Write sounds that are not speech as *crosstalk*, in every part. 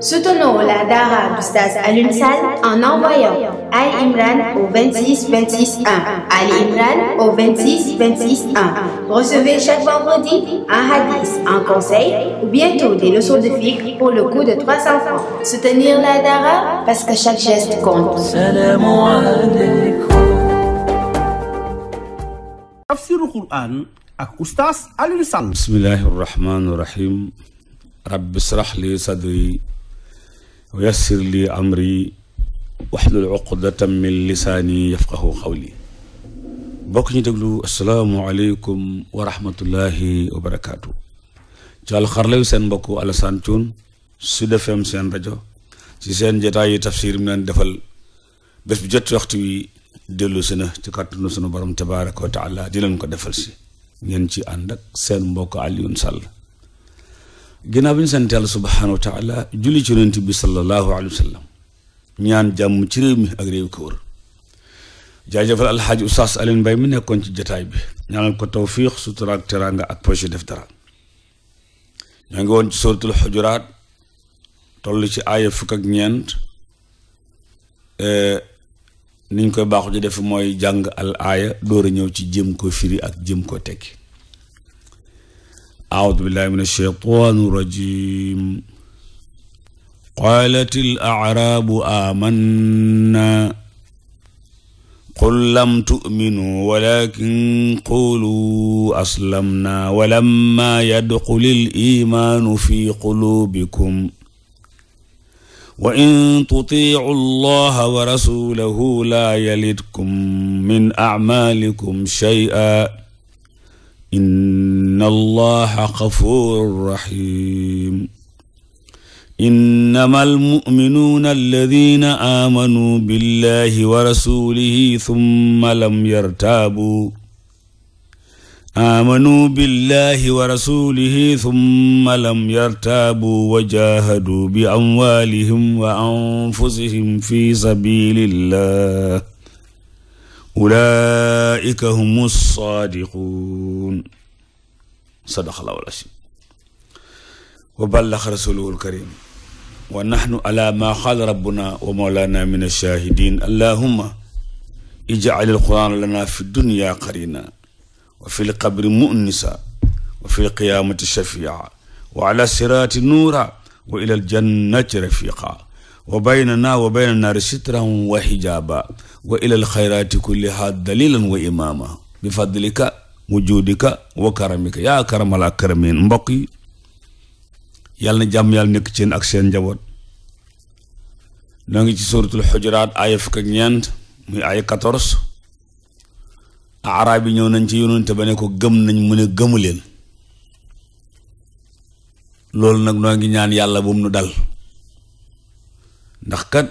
Soutenons la Dara d'Oustaz Alioune en envoyant Ali Imran au Recevez chaque vendredi un hadith, un conseil ou bientôt des leçons de fiqh pour le coût de 300 francs. Soutenir la Dara parce que chaque geste compte. Tafsiru Quran Rabbi israh li sadri wa yassir li amri waxlul uqdatam min lisaani yafqahu qawli bokk ñu déglu asalaamualeykum wa rahmatullahi wa barakaatu ci alxarlew seen mbokk Alassane Thioune si FM seen rajo ci seen jotaayu tafsir mi leen defal bés bu jot waxtu wi dellu si na ci kàttanu sunu borom tabaaraka wa taala di leen ko defal si ngeen ci ànd ak seen mbokk Alioune Sall ginnaaw bi ñu sant yàlla subhaanahu wa taala julli ci yonent bi sallallahu alayhi ñaan jàmm ci réew mi ak réew ko wër jaajëfal alxaaji oustaz Alioune Mbaye mi nekkoon ci jataay bi ñaanal ko tawfiix sutura ak teraanga ak projet def dara ñoo ngi woon ci suratul xujuraat toll ci aaya fukk ak ñeent eh, niñ koy baaxu ji def mooy jàng al aaya door a ñëw ci jëm ko firi ak jëm ko tekki أعوذ بالله من الشيطان الرجيم قالت الأعراب آمنا قل لم تؤمنوا ولكن قولوا أسلمنا ولما يدخل الإيمان في قلوبكم وإن تطيعوا الله ورسوله لا يلدكم من أعمالكم شيئا inna allaha gafurun rahim innama almuminuuna alladina aamanuu billahi wa rasulihi summa lam yartaabuu aamanuu billahi wa rasulihi summa lam yartaabuu wa jaahaduu bi amwaalihim wa anfusihim fi sabilillah ulaika humu saadiquun sadaqallaahu al-aziim wa ballaxa rasuluhu al-kariim wa naxnu ala maa qaala rabbuna wa mawlaana min ash-shaahidiin allaahumma ijcal al-qur'aan lanaa fi dunyaa qariina wa fi l-qabri mu'nisa wa fi l-qiyaamati shafiica wa alaa siraati nuura wa ilaa l-jannati rafiiqa wa baynana wa bayna naari sitran wa xijaaba wa ilal xayraati kulliha dalilan wa imaama bi fadlika wujuudika wa karamika yaa karamal akramin mbokk yi yàlla na jàmm yàlla nekk cin ak seen njaboot noo ngi ci suuratul xujuraat aaya fukk ak ñeent muy aaya quatorze araab yi ñëw nañ ci yonente ba ne ko gëm nañ mu ne gëmu leen loolu nag noo ngi ñaan yàlla bu mu nu dal ndax kat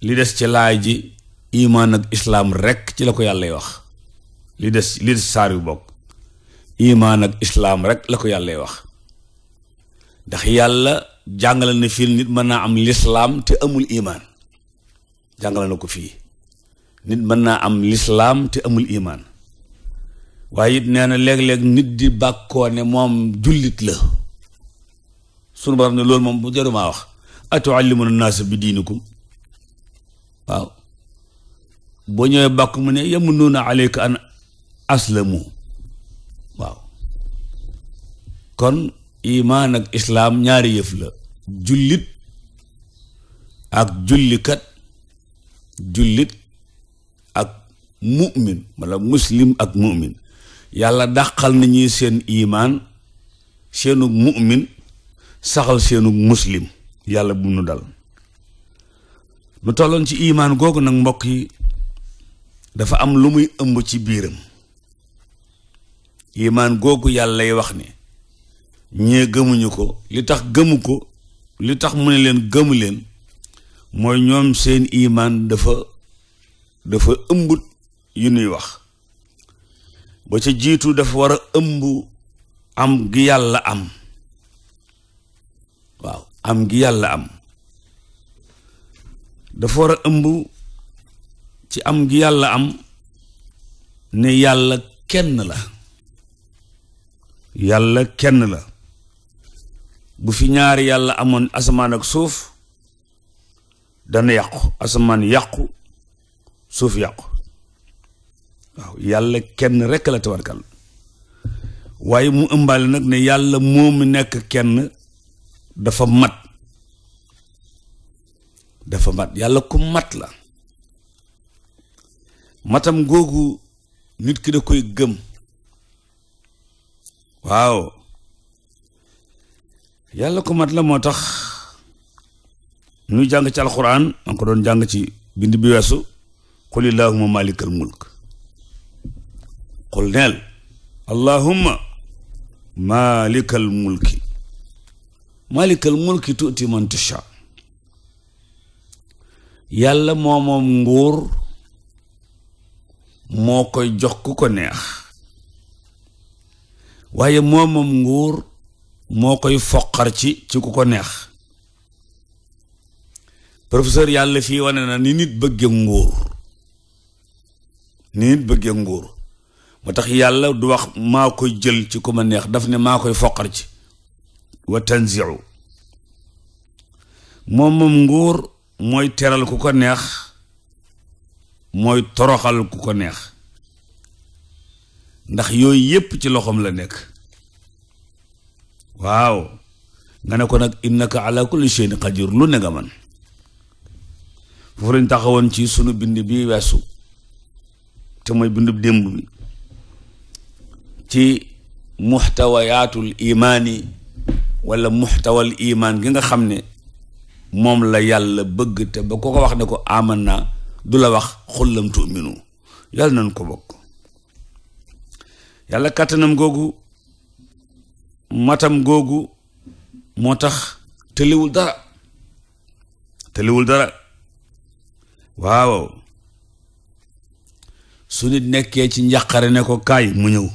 li des ci laay ji imaan ak islaam rekk ci la ko yàllay wax li des li des saar yu bokk imaan ak islaam rekk la ko yàllay wax ndax yàlla jàngale na fii nit mën naa am lislaam te amul imaan jàngale na ko fii nit mën naa am lislaam te amul imaan waaye it nee na léeg nit di bàkkoo ne moom jullit la sunu borom ne loolu moom bu jarumaa wax a naasa bi diinikum waaw boo ñëwee bàkk mu ne yamunnuuna alayka an aslamu waaw kon imaan ak islaam ñaari yëf la jullit ak jullikat jullit ak mu'min wala muslim ak mu'min yàlla dàqal nañuy seen imaan seenu mu'min saxal seenu muslim yàlla bu nu dal nu tolloon ci imaan googu nag mbokk yi dafa am lu muy ëmb ci biiram imaan googu yàlla lay wax ni ñee gëmuñu ko li tax gëmu ko li tax mu ne leen gëmu leen mooy ñoom seen imaan dafa dafa ëmbut yu nuy wax ba ca jiitu dafa war a ëmb am gi yàlla am am gi yàlla am dafa war a ëmb ci am gi yàlla am ne yàlla kenn la yàlla kenn la bu fi ñaari yàlla amoon asamaan ak suuf dana yàqu asamaan yàqu suuf yàqu yàlla kenn rekk la tabarkal waaye mu ëmbaale nag ne yàlla moomu nekk kenn dafa mat dafa mat yàlla ku mat la matam googu nit ki da koy gëm waaw yàlla ku mat la moo tax ñu jàng ci alxuraan man ko doon jàng ci bind bi weesu qul illahuma malikal mulk qul neel allahumma malikal malikal mulki tuuti man tasha yàlla moo moom nguur moo koy jox ku ko neex waaye moo moom nguur moo koy foqar ci ci ku ko neex professeur yàlla fi wane na ni nit bëgge nguur ni nit bëgge nguur moo tax yàlla du wax maa koy jël ci ku neex daf ne maa koy foqar ci wa tanziu moom moom nguur mooy teral ku ko neex mooy toroxal ku ko neex ndax yooyu yépp ci loxoom la nekk waaw nga ne ko nag innaka ala kulli shay'in qadir lu ne nga man lañ taxawoon ci sunu bind bi weesu te mooy bindub démb bi ci muxtawayaatul imaani wala muxtawal imaan gi nga xam ne moom la yàlla bëgg te ba ko ko wax ne ko aman naa du la wax xullam tu'minu yàlla nañ ko bokk yàlla kàttanam googu matam googu moo tax tëliwul dara tëliwul dara waaw su nit nekkee ci njàqare ne ko kaay mu ñëw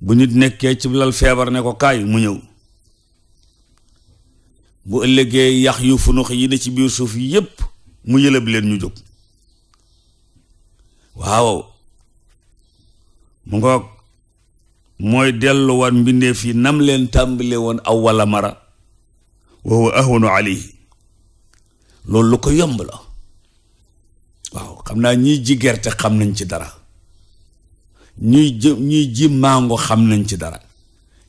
bu ñu nekkee ci lal feebar ne ko kaay mu ñëw bu ëllëgee yax yu funux yi ne ci biir suuf yépp mu yëlëb leen ñu jóg waaw mu ngoog mooy delluwaat mbindeef yi nam leen tàmbale woon awwala mara wa huwa ahwanu alayhi loolu lu ko yomb la waaw xam naa ñiy ji gerte xam nañ ci dara ñuy ji ñuy ji mango xam nañ ci dara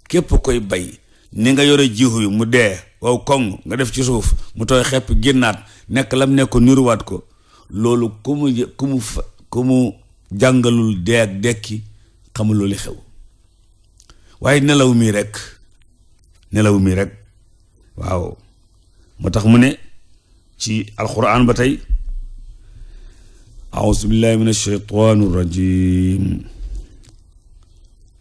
képp koy bay ni nga yore jiwu yi mu dee waaw koŋ nga def ci suuf mu tooy xepp génnaat nekk lam nekk niruwaat ko loolu ku mu ku ku mu jàngalul dee ak dekki xamuloo li xew waaye nelaw mii rek nelaw mii rek waaw moo tax mu ne ci alquran ba tey auzu billahi min alshaytan arrajim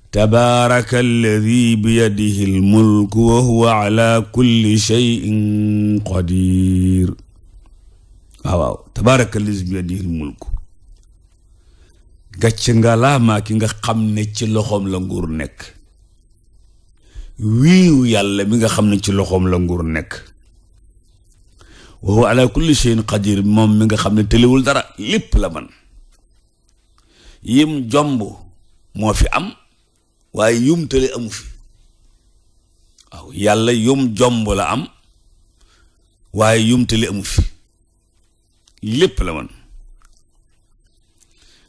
tabaaraka alladi biyadihi almulku wa huwa ala kulli shayin qadir waaw waaw tabaaraka alladi biyadihi almulku gàcc nga laa maa ki nga xam ne ci loxoom la nguur nekk wiiw yàlla mi nga xam ne ci loxoom la nguur nekk wa huwa ala kulli shayin qadir moom mi nga xam ne telewul dara lépp la man yim jomb moo fi am waaye yum tële amu fi waaw yàlla yum jombola am waaye yum tële amu fi lépp la man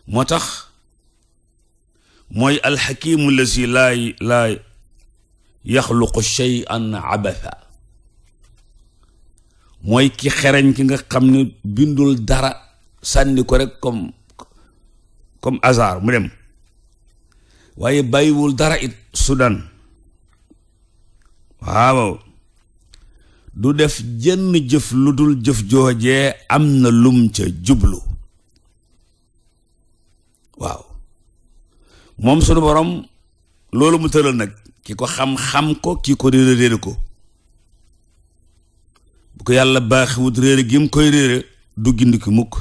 moo tax mooy alxakimu lazi la laa yaxluqu shay'an abatha mooy ki xereñ ki nga xam ne bindul dara sànni ko rek comme comme hasard mu dem waaye bàyyiwul dara it Sudan waaw du def jenn jëf lu dul jëf jooje am na lum ca jublu waaw moom sunu borom loolu mu tëral nag ki ko xam-xam ko ki ko réere réere ko bu ko yàlla baaxewut réere gi mu koy réere du gind ki mukk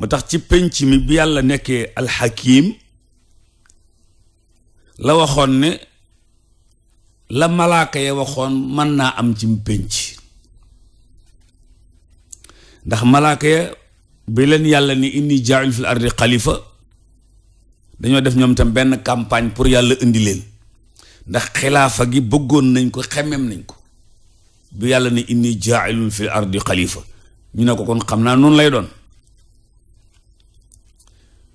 ma tax ci penc mi bi yàlla nekkee alxakim la waxoon ne la malaaka ya waxoon man naa am ci penc ndax malaaka ya bi leen yàlla ni inni jaa'il fil ardi xalifa dañoo def ñoom tam benn campagne pour yàlla indi leen ndax xilaafa gi bëggoon nañ ko xemem nañ ko bi yàlla ni inni jaa'ilun fil ardi xalifa ñu ne ko kon xam naa noonu lay doon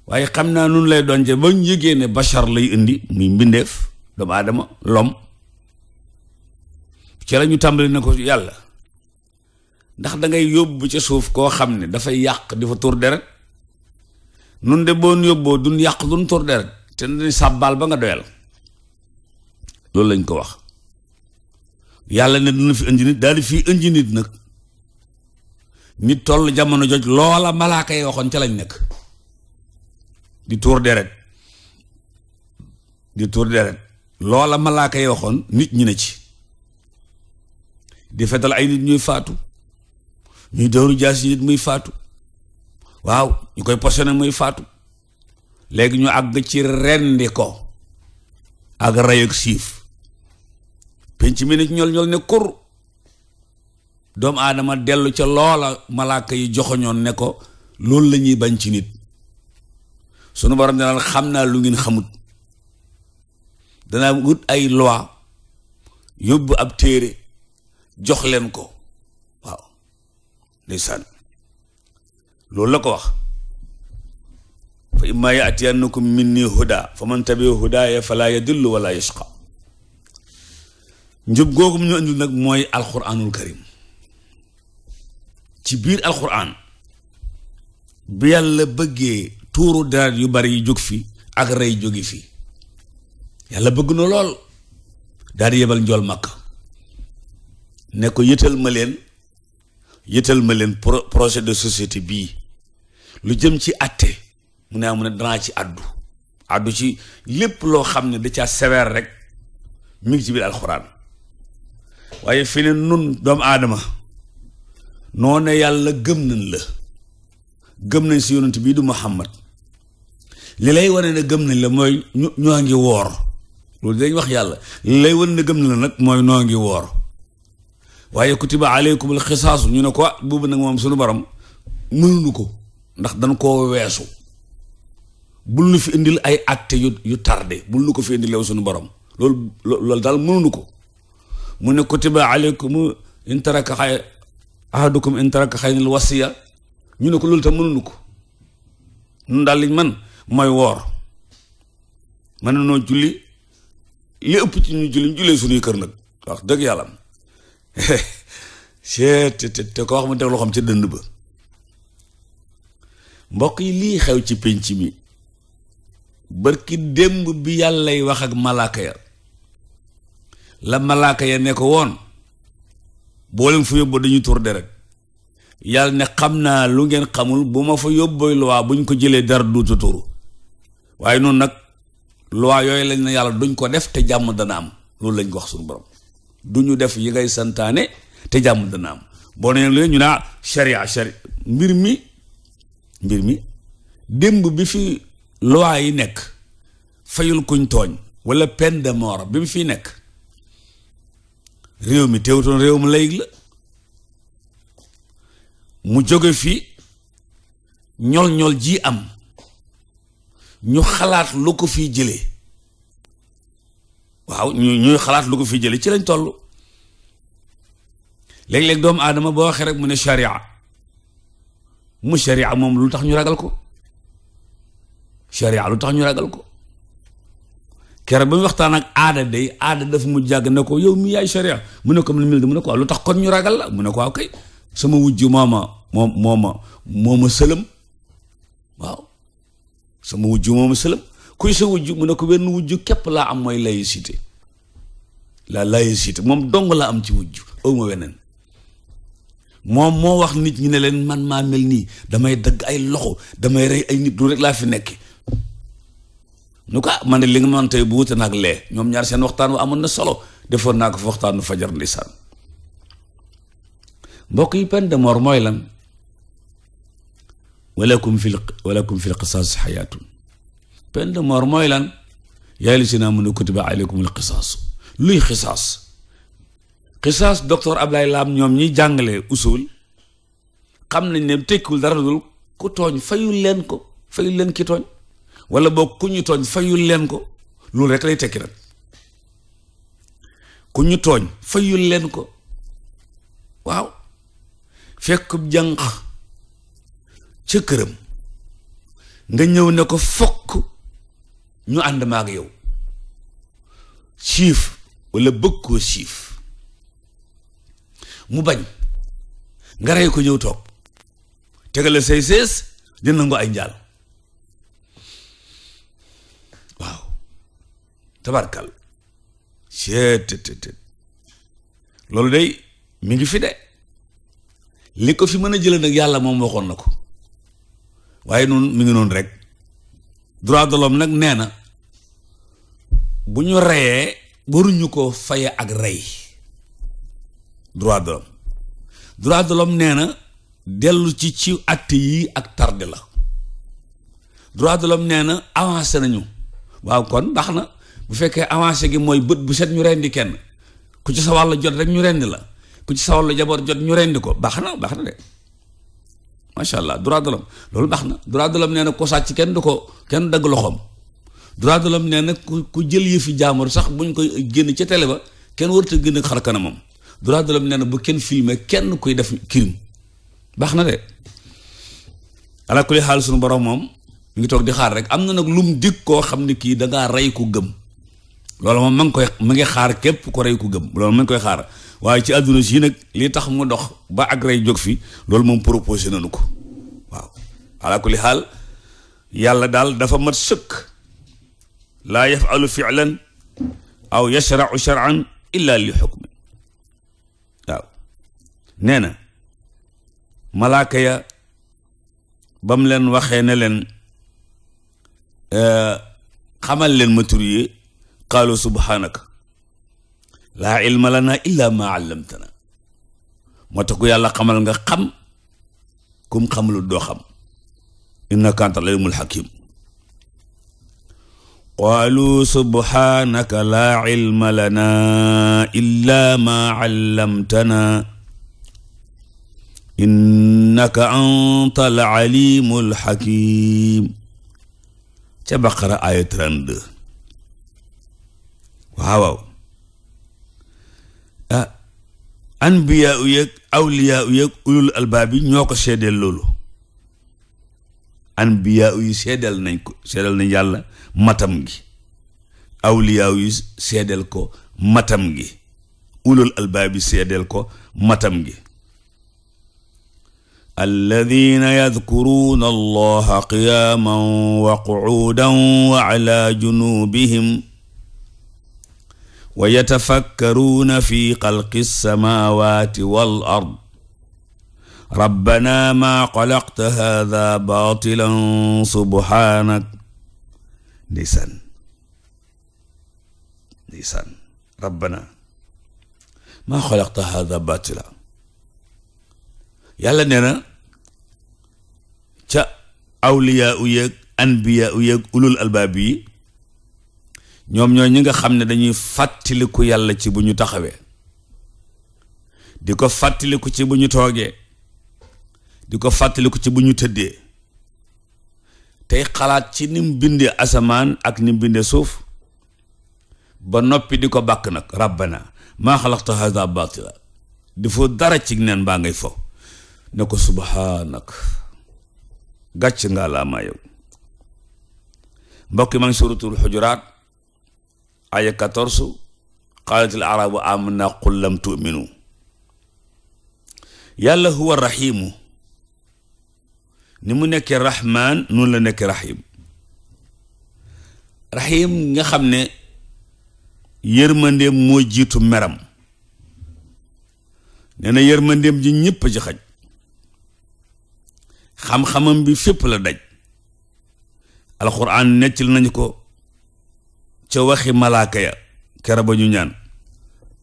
waaye xam naa nun lay doon ba ñu yëgee ne bachar lay indi muy mbindeef doomu aadama lom ci la tàmbali na ko yàlla ndax dangay ngay yóbbu ca suuf koo xam ne dafay yàq di fa tur deret nun de boo yóbboo dun yàq duñ tur deret te dañuy sàbbaal ba nga doyal loolu lañ ko wax yàlla ne dina fi indi nit daal di fii indi nit nag nit toll jamono joj loola malaaka yi waxoon ca lañ nekk di tuur deret di tuur deret loola malaaka yi waxoon nit ñi ne ci di fetal ay nit ñuy faatu ñuy dóoru jaas yi nit muy faatu waaw ñu koy na muy faatu léegi ñu àgg ci rendi ko ak rayog siif penc mi ne ñol ñol ne kur doomu aadama dellu ca loola malaaka yi joxoñoon ne ko loolu la ñuy bañ ci nit sunu borom danaan xam naa lu ngeen xamut danaa wut ay loi yóbbu ab téere jox ko waaw loolu la ko wax fa imma yatiyannakum minni huda fa man tabi hudaaya fala yadillu wala yashqa njub googu ñu andil nag mooy alquranul karim ci biir alquran bi yàlla bëggee tuuru deret yu bari yu jóg fi ak rey jógi fi yàlla bëgg na lool daal di yebal njool màkk ne ko yëtal ma leen yëtal ma leen projet de société bii lu jëm ci atte mu ne amu ah, danaa ci addu addu ci lépp loo xam ne da caa sévère rek mi ngi ci biir alxuraan waaye fi ne nun doomu aadama noo yàlla gëm nañ la gëm nañ si yonent bii du Muhammad li lay wane ne gëm nañ la mooy ñu ñoo ngi woor loolu dañ wax yàlla li lay wane na gëm na la nag mooy noo ngi woor waaye kutiba aleykumul xisaasu ñu ne ko ah, boobu nag moom suñu borom mënuñu ko ndax dañ ko weesu bul nu fi indil ay acte yu yu bu lu nu ko fi indilew suñu borom loolu loolu daal mënuñu ko mu ne kutiba aleykum in taraka xay ahadukum in taraka xaynal wasiya ñu ne ko loolu tam mënuñu ko ñun daal liñ man mooy woor mën na noo julli li ëpp ci ñu julli ñu jullee suñuy kër nag wax dëgg yàlla *laughs* te te te ko wax mu teg loo xam ca dënd ba mbokk yi lii xew ci pinc bi barki démb bi yàllay wax ak malaaka ya la malaaka ya ne ko woon boo leen fa yóbbu dañuy tur deret yàlla ne xam naa lu ngeen xamul bu ma fa yóbbooy bu ñu ko jëlee dara duutu turu waaye noonu nag loi yooyu lañ na yàlla duñ ko def te jàmm dana am loolu lañ ko wax suñu borom du ñu def yi ngay santaane te jàmm dana am boo nee leen ñu naa sharia sharia mbir mi mbir mi démb bi fi loi yi nekk fayul kuñ tooñ wala pen de mort bi fi nekk réew mi teewutoon réew mu layig la mu jóge fi ñol ñol ji am ñu xalaat lu ko fi jëlee waaw ñu ñuy xalaat lu ko fi jëlee ci lañ toll léeg-léeg doomu aadama boo waxee rek mu ne sharia mu sharia moom lu tax ñu ragal ko sharia lu tax ñu ragal ko kere ba mu waxtaan ak aada day aada daf mu jàgg na ko yow mi yaay sharia mu ne ko mu ne mu ne ko waaw lu tax kon ñu ragal la mu ne ko waaw kay sama wujj mooma moom mooma mooma sëlëm waaw sama wujju moom sëlam kuy sa wujju mu ne ko wenn wujju képp laa am mooy laïcité la laïcité moom dong la am ci wujju awma weneen moom moo wax nit ñi ne leen man maa mel nii damay dëgg ay loxo damay rey ay nit du rek laa fi nekk nu ko man ne li nga man tey bu wute nag lee ñoom ñaar seen waxtaan wu amoon na solo defoon naa ko fa waxtaanu fajar ndisaan mbokk yi peine mooy lan walakum fil walakum fil qisaas xayaatun peine de mort mooy lan yaa si a kutiba aleykumul qisaas luy qisaas qisaas docteur Ablaye Lam ñoom ñi jàngale usul nañ ne tekkiwul dara ku tooñ fayul leen ko fayul leen ki tooñ wala boog ku fayul leen ko loolu rek lay tekki nag ku ñu tooñ fayul leen ko waaw fekk jànq ca nga ñëw ne ko fokk ñu ànd maag yow siif walla bëgg koo siif mu bañ nga rey ko ñëw toog tegale say sees di nangu ay njaal waaw tabarkal seet tët loolu day mi ngi fi de li ko fi mën a jëlee nag yàlla moom waxoon na ko waaye noonu mi ngi noonu rek droit de l'homme nag nee na bu ñu reyee waruñu ko faye ak rey droit de l'homme droit de l'homme nee na dellu ci ci acte yi ak tardé la droit de l'homme nee na avancé nañu waaw kon ndax na bu fekkee avancé gi mooy bët bu set ñu rendi kenn ku ci sa jot rek ñu rendi la ku ci sa jaboot jot ñu rendi ko baax na baax na de macha allah droit de loolu baax na droit de l'homme nee na ko sàcc kenn du ko kenn dagg loxoom droit de nee na ku ku jël yëfi jaamur sax bu buñ koy génn ca télé ba kenn warta génn xar kanamam droit de nee na bu kenn filmé kenn kuy def crime baax na de ala kulli xaal sunu borom moom mu ngi toog di xaar rek am na nag lum dig koo xam ne kii da ngaa rey ku gëm loolu moom ma ngi koy ma ngi xaar képp ko rey ku gëm loolu ma ngi koy xaar waaye ci àdduna si nag li tax mu dox ba ak rey jóg fi loolu moom proposé nañu ko waaw ala kulli xaal yàlla daal dafa mat sëkk laa yafalu filan aw yashrau sharan illa li xukmi waaw nee na malaaka ba mu leen waxee ne leen euh, xamal leen ma tur qaalu subhaanaka laa ilma lana illa ma allamtana moo tax ku yàlla xamal nga xam kum xamul doo xam innaka anta alimul hakim qaalu subhanaka laa ilma lana illa ma allamtana innaka anta al alimul hakim ca baqara aya 32 waaw waaw ah anbiyaa u yeeg awliyaa u yeeg ulul albaab yi ñoo ko seedeel loolu anbiyaa yi seedeel nañ ko seedeel nañ yàlla matam gi awliyaa yi seedeel ko matam gi ulul albaab yi seedeel ko matam gi alladina yadkuruuna allaha qiyaaman wa quudan wa ala junubihim wa yatafakkaruuna fi xalqi alsamawati wal ard rabbana maa xalaqta hada baatilan subhanak ndeysaan ndeysaan rabbana maa xalaqta hada baatila yàlla nee na ca awliyaa u yëg anbiyaa u yëg ulul albaab yi ñoom ñooy ñi nga xam ne dañuy fàttaliku yàlla ci bu ñu taxawee di ko fàttaliku ci bu ñu toogee di ko fàttaliku ci bu ñu tëddee tey xalaat ci ni mu bindee asamaan ak ni mu suuf ba noppi di ko bàkk nag rabbana maa xalaqta haza batila dafa dara ci neen baa ngay fo ne ko subhaanak gàcc nga laa maa yow mbokk yi ngi suratul xujuraat aya 14 qaalatil arabu amanna qul lam tuminu yàlla huwa rahimu ni mu nekkee rahman noonu la nekkee rahim rahim nga xam ne yërmandeem moo jiitu meram nee na yërmandeem ji ñëpp ci xaj xam-xamam bi fépp la daj alquran nettali nañu ko ca waxi malaaka ya kera ba ñu ñaan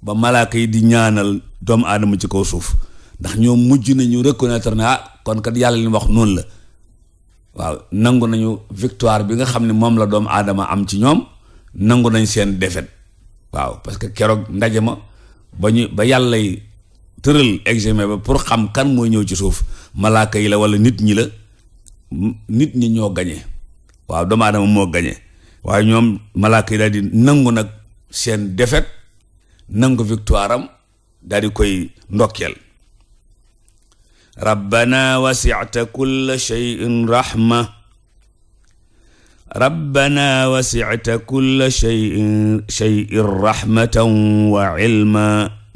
ba malaaka yi di ñaanal doomu aadama ci kaw suuf ndax ñoom mujj nañu reconnaître ne ah kon kat yàlla li wax noonu la waaw nangu nañu victoire bi nga xam ne moom la doomu aadama am ci ñoom nangu nañ seen defet waaw parce que keroog ndaje ma ba ñu ba yàllay tëral examen ba pour xam kan mooy ñëw ci suuf malaaka yi la wala nit ñi la nit ñi ñoo gañe waaw doomu aadama moo gañe waa ñoom malaaka yi nangu nag seen défaite nangu victoire am koy ndokkeel rabbana wasi'ta kulla shay'in rahma rabbana wasi'ta kulla shay'in shay'in rahmatan wa ilma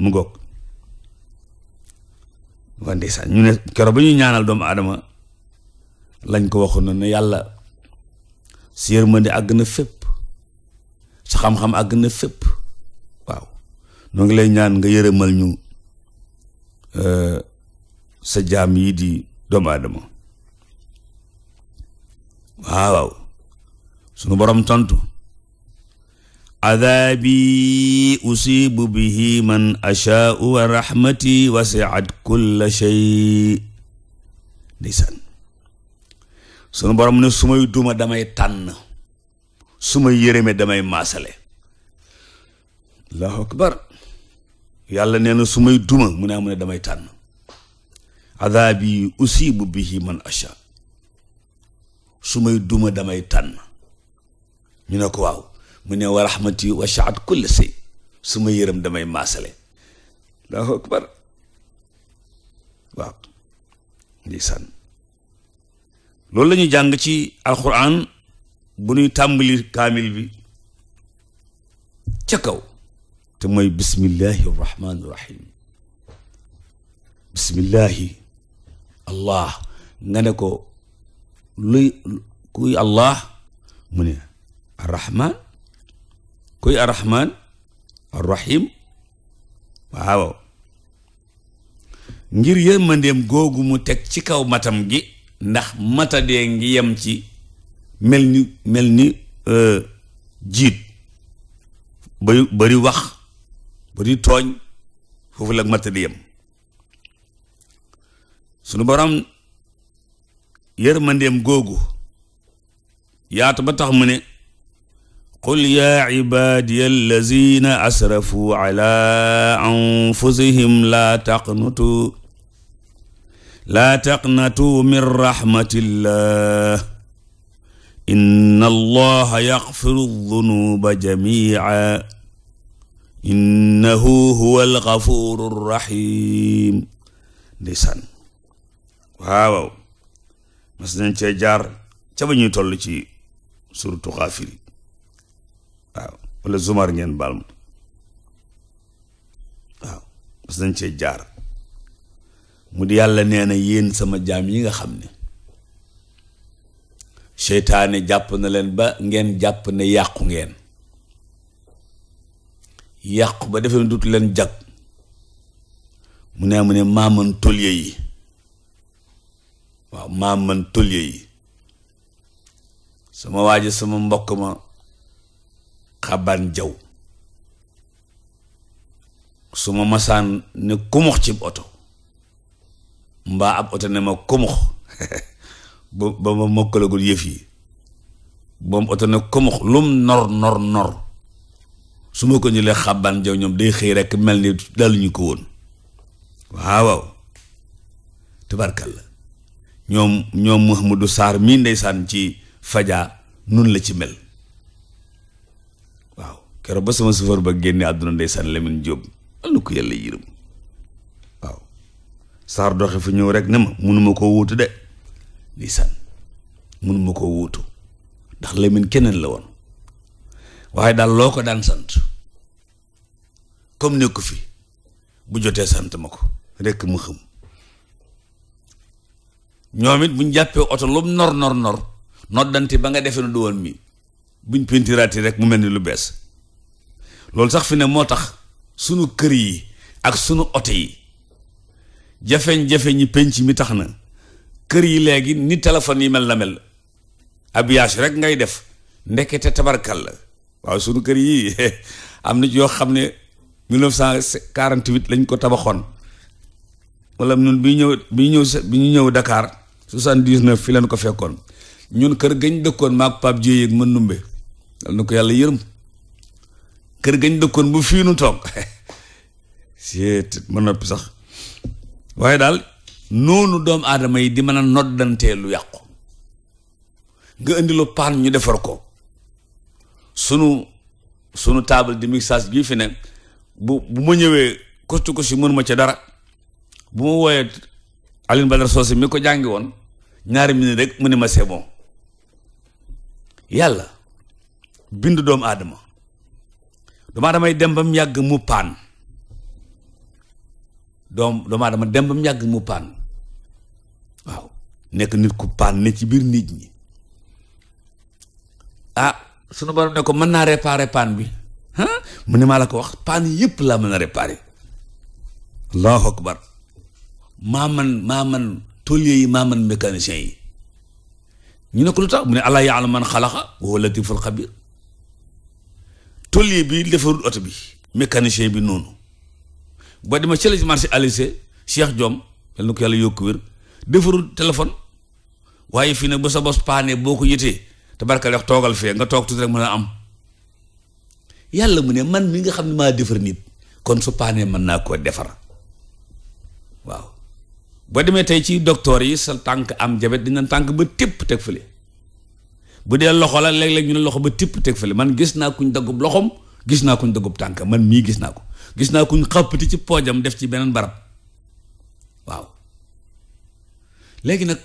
mu ngoog waa ndeysaan ñu ñuy ñaanal doomu aadama lañ ko waxoon na ne yàlla sa yërmande àgg na fépp sa xam-xam àgg na fépp waaw noo ngi lay ñaan nga yërëmal ñu euh, sa jaam yi di doomu aadama waaw sunu borom tontu adaabi usibu bihi man ashaau wa rahmati wasiat kulla shay ndeysaan sunu borom ne su sumay duma damay tànn su may yërëme damay maasale allahu akbar yàlla nee na su duma mu ne amu ne damay tànn adaabi usibu bihi man asha su may duma damay tànn ñu ne ko waaw mu ne wa rahmati wasi'at kulla shay su ma damay maasale allahu akbar waaw loolu la ñuy jàng ci alxuraan bu ñuy tàmbali kaamil bi ca kaw moy mooy bismillahi rahmaani rahim allah nga ne ko luy kuy allah mu ne arrahman kuy arrahman arrahim waaw ngir yërmandeem googu mu teg ci kaw matam gi ndax de ngi yem ci mel ni mel ni euh, jiit bari bari bari tooñ foofu la matadi yem sunu borom yërmandeem googu yaatu ba tax mu ne qul yaa ibaadiya allazina asrafu ala anfusihim laa taqnutu laa taqnatuu min raxmatillah inna allaha yaxfiru dunuba jamica innahu huwa alxafuru raxim ndeysaan waaw mas nañ cee jaar ca ba ñuy toll ci suratu xaafiri waaw wala zumar ngeen baal ma waaw mas nañ cee jaar mu di yàlla nee na yéen sama jaam yi nga xam ne seytaane jàpp na leen ba ngeen jàpp ne yàqu ngeen yàqu ba defee dut leen jag mu ne mu ne maaman tolye yi waaw maaman tolye yi sama waaji sama mbokk ma xaban jaw suma ma masaan ne kumox ci oto mbaa ab oto ne ma komux *laughs* ba ba ma mokkalagul yëf yi moom oto ne komux lum nor nor su ma ko ñëlee xàbbaan jaw ñoom day xëy rekk mel ni daluñu ko woon waaw waaw tabarkalla ñoom ñoom Mouhamadou Sarr mii ndeysaan ci fajaa nun la ci mel waaw keroog ba sama chauffeur ba génne àdduna ndeysaan Lamine Diop al na ko yàlla yërëm saar doxe fu ñëw rek ne ma munuma koo wuutu de lisan munuma koo wuutu ndax Lamine keneen la woon waaye daal loo ko daan sant comme nekku fi bu jotee sant ma ko rekk mu xam ñoom buñ jàppee oto lu nor nor nor noddanti ba nga defee nu du woon mi buñ pintiraati rek mu mel ni lu bees loolu sax fi ne moo tax sunu kër yi ak sunu oto yi jafeñ-jafe ñi penc mi tax na kër yi léegi ni téléphone yi mel la mel abiyaas rek ngay def ndekkete tabarkal la waaw sunu kër yi *laughs* am na ci yoo xam ne 1948 lañ ko tabaxoon wala ñun bi ñëw bi ñëw bi ñu ñëw Dakar 79 fi leen ko fekkoon ñun kër gañ dëkkoon maag Pape Dieye ak mën numbe dal ko yàlla yërëm kër gañ dëkkoon bu fii nu toog si *laughs* ma noppi sax waaye daal noonu doomu aadama yi di mën a noddantee lu yàqu nga indi lu paan ñu defar ko sunu sunu table de mixage bii fi ne bu bu ma ñëwee kostu ko si mënu ma ca dara bu ma wooyee Alioune Badara Socé mi ko jàngi woon ñaari minute rek mu ne ma c'est bon yàlla bind doomu aadama doomu aadama yi dem ba mu yàgg mu paan doom doomu aadama dem ba mu yàgg mu paan waaw nekk nit ku paan ne ci biir nit ñi ah sunu borom ne ko mën naa réparer paan bi mu ne maa la ko wax paan yëpp laa mën a réparer allahu akbar maa man maa man tôlier yi maa man mécanicien yi ñu ne ko lu tax mu ne allah ya'lamu man xalaqa wa huwa latiful xabir tôlier bi defarul oto bi mécanicien bi noonu boo demee ci la marché Alizé Cheikh Diom yal na ko yàlla yokku defarul téléphone waaye fii nag ba sa bos paane boo ko yëtee te barkal toogal fee nga toog tuuti mën a am yàlla mu ne man mi nga xam ne maa defar nit kon su paane mën naa koo defar waaw boo demee tey ci docteur yi sa tànk am jabet dina tànk ba tipp teg fële bu dee loxo la léeg-léeg ñu ne loxo ba tipp teg fële man gis naa kuñ daggub loxom gis naa kuñ daggub tànk man mii gis naa ko gis naa kuñ xàppati ci poojam def ci benn barab waaw léegi nag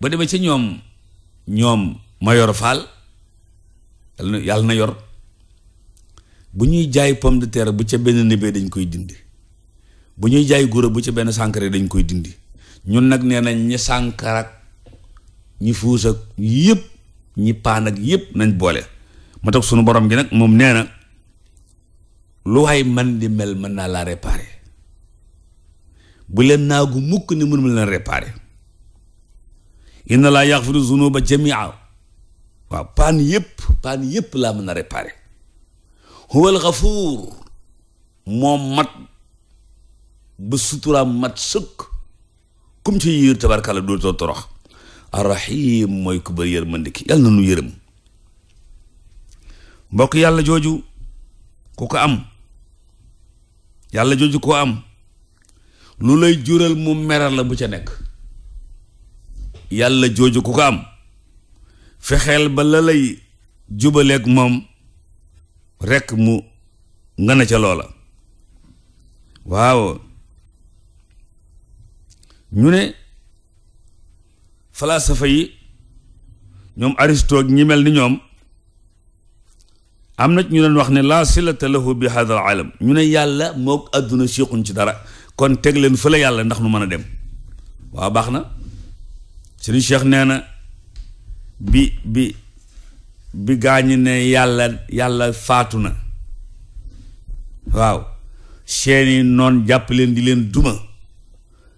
ba deme ci ñoom ñoom ma yor Fall yàlla na yor bu ñuy jaay pomme de terre bu ca benn nébee dañ koy dindi bu ñuy jaay guro bu ca benn sànkare dañ koy dindi ñun nag nee nañ ñi sànkar ak ñi fuus yëpp ñi paan yëpp nañ boole ma tax sunu borom gi nag moom nee na lu waay man mel mën naa laa réparer bu leen naagu mukk ni mënuma leen réparer inna laa yaxfiru zunuba jamia waaw paan yëpp paan yëpp laa mën a réparer huwal xafuur moom mat ba suturaam mat sëkk kum ci yiir tabarkàlla dootoo torox arrahim mooy ku bëri yërmande ki yàlla na nu yërëm mbokk yàlla jooju ku ko am yàlla jooju koo am lu lay jural mu meral la bu ca nekk yàlla jooju ku ko am fexeel ba la lay jubaleeg moom rekk mu nga ca loola waaw ñu ne falaasafa yi ñoom aristoog ñi mel ni ñoom am na ñu doon wax ne laa silata lahu bi hadal alam ñu ne yàlla mook àdduna siixuñ ci dara kon teg leen fële yàlla ndax mu mën a dem waaw baax na sëriñ Cheikh nee na bi bi bi gaañu ne yàlla yàlla faatu na waaw seeni noon jàpp leen di leen duma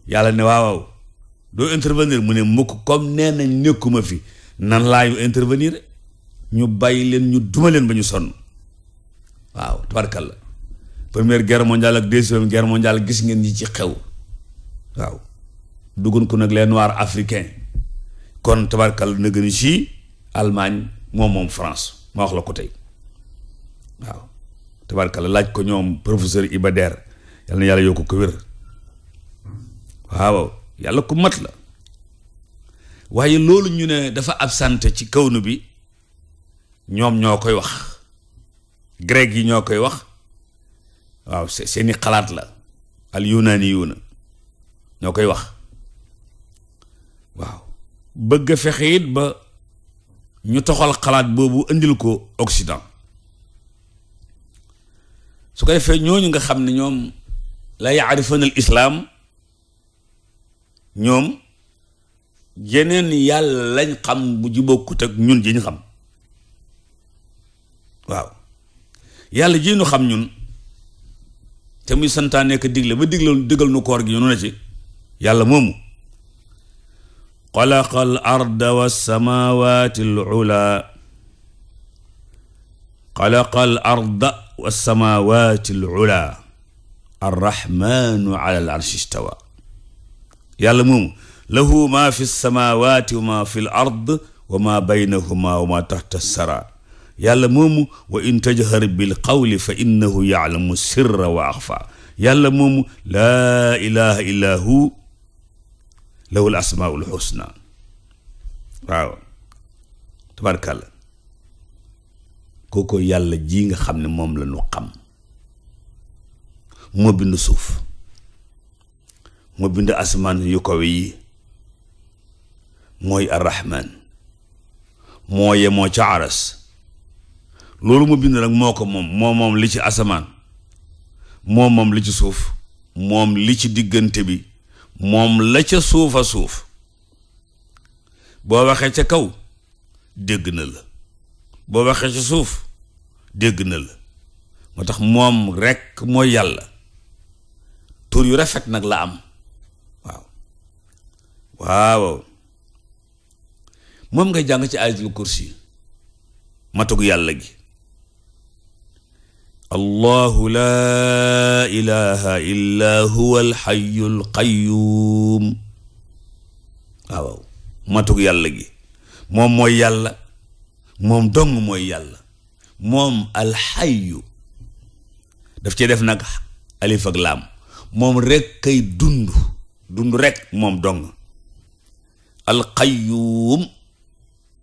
yàlla ne waaw waaw doo intervenir mu ne mukk comme nee nekkuma fi nan laayu intervenir ñu bàyyi leen ñu duma leen ba ñu sonn waaw tabarkalla première guerre mondiale ak deuxième guerre mondiale gis ngeen ñi ci xew waaw duggoon ko nag leen noirs africains kon tabarkalla na gën si Allemagne moom moom France ma wax la ko tey waaw tabarkalla laaj ko ñoom professeur Iba Der yal yàlla yokk ko wér waaw yàlla ku mat la waaye loolu ñu ne dafa absente ci kawnu bi ñoom ñoo koy wax grec yi ñoo koy wax waaw seeni xalaat la al yunaani yuuna ñoo koy wax waaw bëgg a fexe it ba ñu toxal xalaat boobu indil ko Occident su ko defee ñooñu nga xam ne ñoom la yaarifuna al islaam ñoom jeneen yàlla lañ xam bu ji bokkut ak ñun ji ñu xam waaw yàlla ji nu xam ñun te muy santaane ak digle ba digle digal nu koor gi ñu na ci yàlla moomu xalaqa al arda wassamawati al ula xalaqa al arda wassamawati al ula arrahmanu ala al arshi istawa yàlla moomu lahu ma fi lsamawati wa ma fi l ard wa ma baynahuma wa ma taxta sara yàlla moomu wa in tajhar bil qawli fa innahu yaalamu sirra wa axfa yàlla moomu laa ilaha illa hu lahul asmaul xusna waaw tabarkàlla kooko yàlla ji nga xam ne moom la ñu xam moo bind suuf moo bind asmaan yu kawe yi mooy arrahman moo yemoo ca aras loolu mu bind nag moo ko moom moo moom li ci asamaan moo moom li ci suuf moom li ci diggante bi moom la ca suufa suuf boo waxee ca kaw dégg na la boo waxee ca suuf dégg na la moo tax moom rekk mooy yàlla tur yu rafet nag la am waaw waaw moom ngay jàng ci ayatul kursi matug yàlla gi allahu laa ilaha illa huwa alxayu alqayuum waaw yàlla gi moom mooy yàlla moom dong mooy yàlla moom alxayu daf cee def nag alif ak laam moom rekk kay dund dund rekk moom dong alqayuum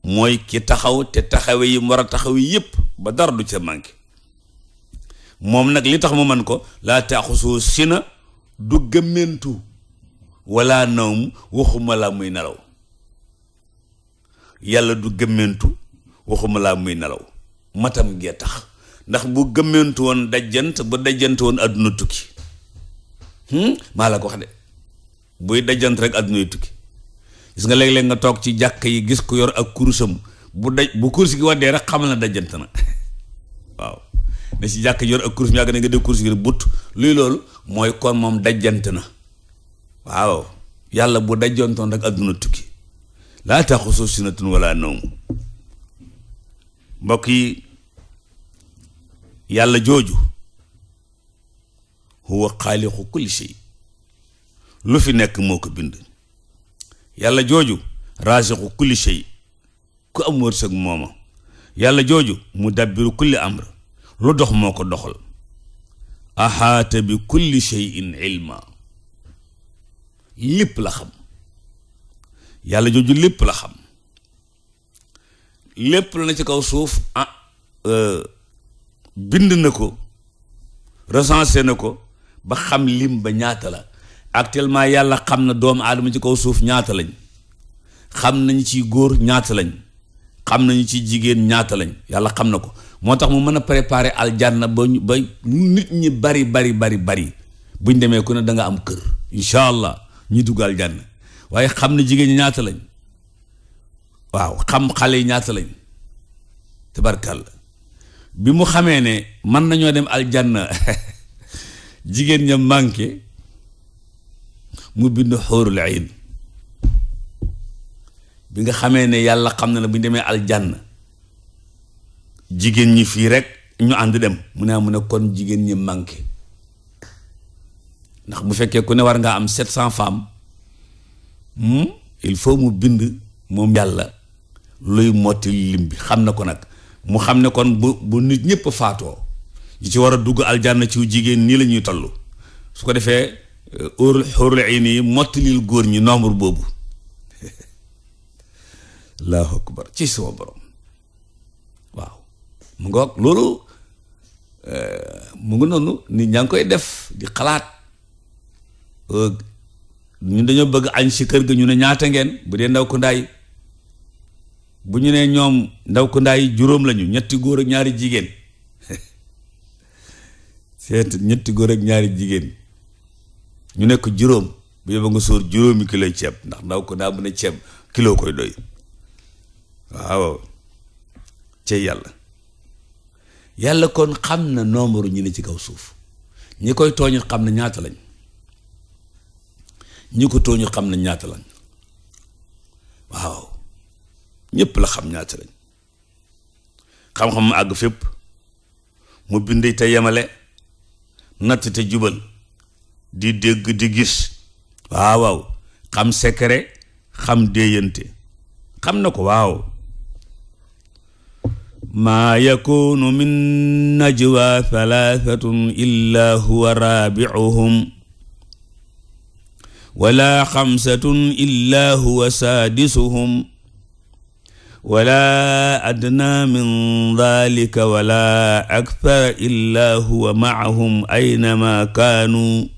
mooy ki taxaw te taxawe yi mu war a taxawe yépp ba dara du ca manqué moom nag li tax mu man ko laa taaxu si na du gëmmentu walla nawm waxuma laa muy nelaw yàlla du gëmmentu waxuma laa muy nelaw matam gee tax ndax bu gëmmentu woon dajjant bu dajjant woon adduna tukki hmm? maa la ko wax de buy dajjant rek addunay tukki gis nga léeg-léeg nga toog ci jàkk yi gis ku yor ak kurusam bu daj bu kurus gi waddee rek xamal na dajjant na *laughs* ne si jàkk yor ak kurus yàgg na nga def kurus ngir but luy loolu mooy kon moom dajjant na waaw yàlla bu dajjantoon rek adduna tukki laa taxusu sinatun wala nawm mbokk yi yàlla jooju huwa xaaliqu kulli shay lu fi nekk moo ko bind yàlla jooju raasiqu kulli shay ku am wërsëg mooma yàlla jooju mu dabbiru kulli amr lu dox moo ko doxal axaata bi kulli shay'in ilma lépp la xam yàlla jooju lépp la xam lépp la na ci kaw suuf ah euh, bind na ko recensé na ko ba xam lim ba ñaata la actuellement yàlla xam na doomu aadama ci kaw suuf ñaata lañ xam nañu ci góor ñaata lañ xam nañu ci jigéen ñaata lañ yàlla xam na ko moo tax mu mën a préparer aljanna ba ñu ba nit ñi bari bari bari bari buñ demee ku ne danga nga am kër incha allah ñuy dugg aljanna waaye xam ne jigéen ñi ñaata lañ waaw xam xale yi ñaata lañ tabarkàlla bi mu xamee ne mën nañoo dem aljanna *laughs* jigéen ña manqué mu bind xóorul ayn bi nga xamee ne yàlla xam na ne bu ñu demee aljanna jigéen ñi fii rek ñu ànd dem mu ne ah, mu ne kon jigéen ñi manqué ndax bu fekkee ku ne war ngaa am sept cent femmes hmm, il faut mu bind moom yàlla luy motti lim bi xam na ko nag mu xam ne kon bu bu nit ñëpp faatoo ñu ci war a dugg aljanna ci jigéen nii lañuy ñuy toll su ko defee óorul euh, xóorul ay nii mottilil góor ñi nombre boobu *laughs* allahu akbar ci sama borom mu ngoog loolu mu ngi noonu nit ñaa koy def di xalaat euh, ñu dañoo bëgg añ si kër ga ñu ne ñaata ngeen bu dee ndaw ku ndaay bu ñu ne ñoom ndaw ku ndaay juróom lañu ñetti góor ak ñaari jigéen *laughs* seet ñetti góor ak ñaari jigéen ñu nekk juróom bu yóbbu nga sóor juróomi kilo ceeb ndax ndaw ku ndaa bu ne ceeb kilo koy doy waaw cey yàlla yàlla kon xam na nombre ñi ne ci kaw suuf ñi koy tooñu xam na ñaata lañ ñi ko tooñu xam na ñaata lañ waaw ñépp la xam ñaata lañ xam-xam àgg fépp mu bind te yemale natt te jubal di dégg di gis waaw xam secret xam déeyante xam na ko waaw maa yakunu min najwa thalathatun illa huwa raabicuhum wala xamsatun illa huwa saadisuhum wala adnaa min dalika wala akthara illa huwa macahum aynama kaanuu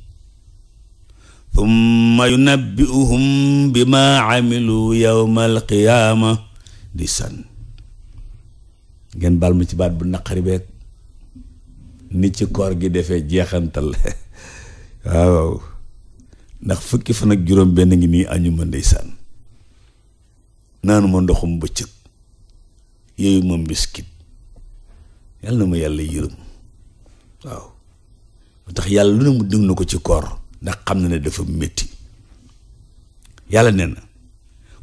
thumma yunabbi'uhum bimaa camiluu yawma alqiyaama di san ngeen baal ma ci baat bu naqari beeg nit ci koor gi defee jeexantal *laughs* waaw ndax fukki fan ak juróom benn ngi nii añu ma ndeysaan naanu ma ndoxum bëccëg yooyu ma mbiskit yàlla na ma yàlla yërëm waaw lu tax yàlla lu mu dégg na ko ci koor ndax xam na ne dafa métti yàlla nee na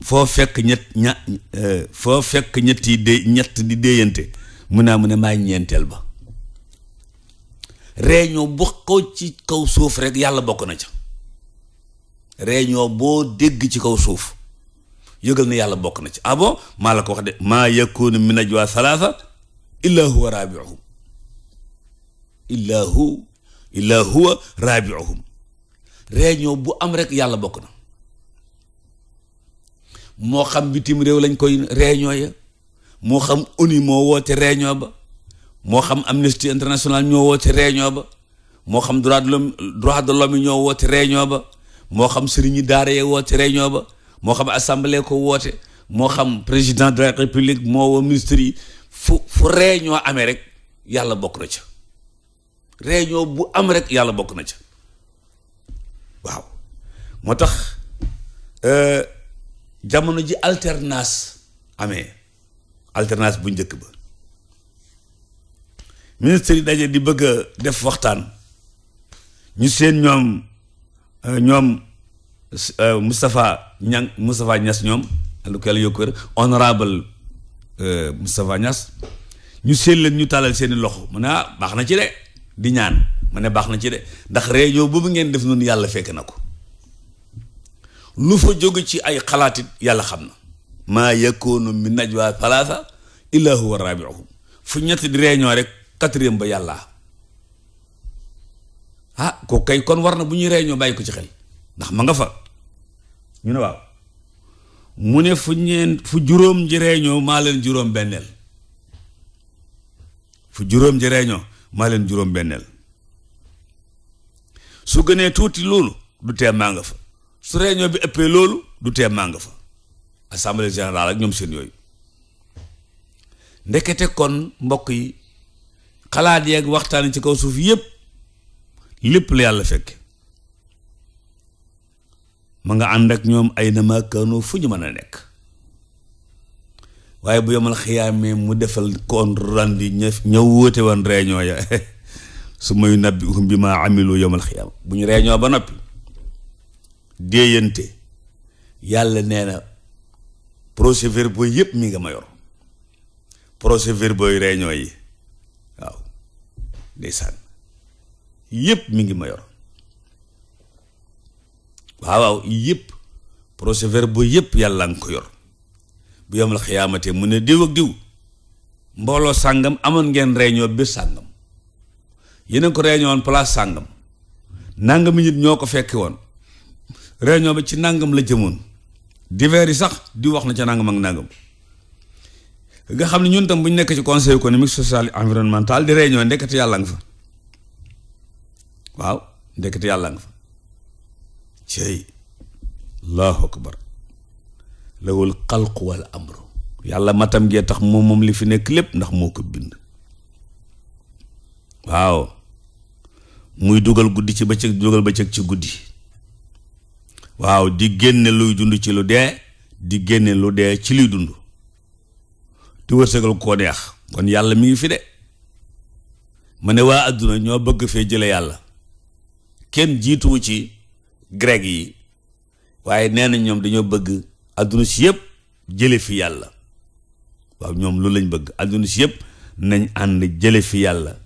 foo fekk ñett ña euh, ñett yi di déeyante mun naa mu ne ñeenteel ba réunion bu ko ci kaw suuf rek yàlla bokk na ca réunion boo dégg ci kaw suuf yëgal na yàlla bokk na ci ah maa la ko wax de maa yakunu min najwa salaasa illa huwa raabiuhum illa hu illa huwa raabiuhum bu am rek yàlla bokk na moo xam bitim réew lañ koy réunion ya moo xam ONU moo woote réunion ba moo xam Amnesty International ñoo woote réunion ba moo xam droit de l'homme droit de l'homme yi ñoo woote réunion ba moo xam sëriñi daar yee woote réunion ba moo xam assemblée ko woote moo xam président de la république moo woo ministre yi fu fu réunion amee rek yàlla bokk na ca réunion bu am rek yàlla bokk na ca waaw moo tax euh, jamono ji alternance amee alternance bu njëkk ba ministre daje di bëgg a def waxtaan ñu seen ñoom euh, ñoom euh, Moustapha ñan Moustapha Niass ñoom lu yokk wér honorable euh, Moustapha Niass ñu seen leen ñu tàllal seeni loxo mu ne ah baax na ci de di ñaan ma ne baax na ci de ndax réunion boobu ngeen def noonu yàlla fekk na ko lu fa jóge ci ay xalaatit yàlla xam na maa yakoonu min najwa thalatha illa huwa rabiuhum fu ñett di réunion rek quatrième ba yàlla ah ko kay kon war na bu ñuy réunion bàyyi ko ci xel ndax ma nga fa ñu ne waaw mu ne fu ñeen fu juróom ji réunion maa leen juróom benneel fu juróom ji réunion maa su gënee tuuti loolu du tee maa nga fa su réunion bi ëppee loolu du tee maa nga fa assemblée générale ak ñoom seen yooyu ndekete kon mbokk yi xalaat yeeg waxtaan ci kaw suuf yépp lépp la yàlla fekk ma nga ànd ak ñoom ay na maakaanoo fu ñu mën a nekk waaye bu yomal xiyaamee mu defal kon randi ña ña wóote woon réunion ya *laughs* su may nabbi uhum bi maa amilu yomal xiyaam bu ñu réunion ba noppi déeyante yàlla nee na procès-verbaux yëpp mi nga ma yor procès-verbaux yi réunion yi waaw ndeysaan yëpp mi ngi ma yor waaw waaw yëpp procès-verbaux yëpp yàlla nga ko yor bu yom yomal xiyaamate mu ne diw ak diw mbooloo sàngam amoon ngeen réunion bi sàngam yéen a ko réunion woon place sàngam nangami nit ñoo ko fekke woon réunion ba ci nangam la jëmoon divers yi sax di wax na ca nangam ak nangam nga xam ne ñun tam bu ñu nekk ci conseil économique social et environnemental di réunion ndekete yàlla nga fa waaw ndekete yàlla nga fa cey allahu akbar lawul xalqu wal amru yàlla matam gee tax moom moom li fi nekk lépp ndax moo ko bind waaw muy dugal guddi ci bëccëg dugal bëccëg ci guddi waaw di génne luy dund ci lu dee di génne lu dee ci luy dund di koo neex kon yàlla mi ngi fi de ma ne waa àdduna ñoo bëgg fee jële yàlla kenn jiituwu ci grec yi waaye nee na ñoom dañoo bëgg àdduna si yëpp jële fi yàlla waaw ñoom loolu lañ bëgg àdduna si yëpp nañ ànd jële fi yàlla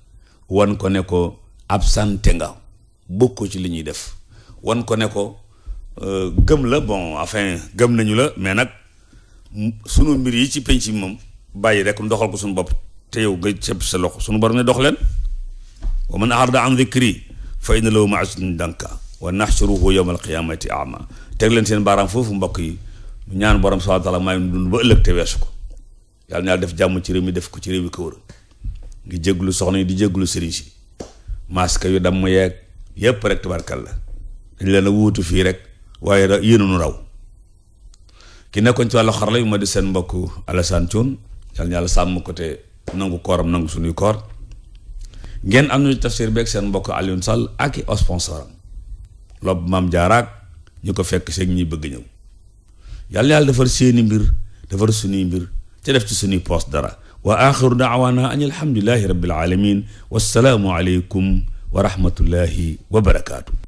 wan ko ne ko absente nga ko ci li ñuy def wan ko ne ko Euh, gëm la bon enfin gëm nañu la mais nag sunu mbir yi ci penc moom bàyyi rek doxal ko suñu bopp te yow nga cëpp sa loxo suñu borom ne dox leen wa man arada an dikri fa inna lahu ma'ishatan danka wa nahshuruhu yawmal qiyamati a'ma teg leen seen baaraam foofu mbokk yi ñaan borom subhanahu wa taala may dund ba ëllëg te weesu ko yàlla na yàlla def jàmm ci réew mi def ko ci réew mi ko wër ngi jégglu soxna yi di jégglu sëriñ si masque yu damm yeeg yépp rek tubarkalla dañ leen a wuutu fii rek waaye da yéen nu raw ki nekkoon ci wàllu xarala yu ma di seen mbokk Alassane Thioune yal na yàlla sàmm ko te nangu kooram nangu suñuy koor ngeen am nañu tafsir beeg seen mbokk Alioune Sall ak i sponsor am lob maam jaaraak ñu ko fekk seeg ñi bëgg ñëw yal na yàlla defar seeni mbir defar suñuy mbir te def ci suñuy poos dara waa axiru daawaana an alhamdulillahi rabbil alamin wassalaamu aleykum wa rahmatullahi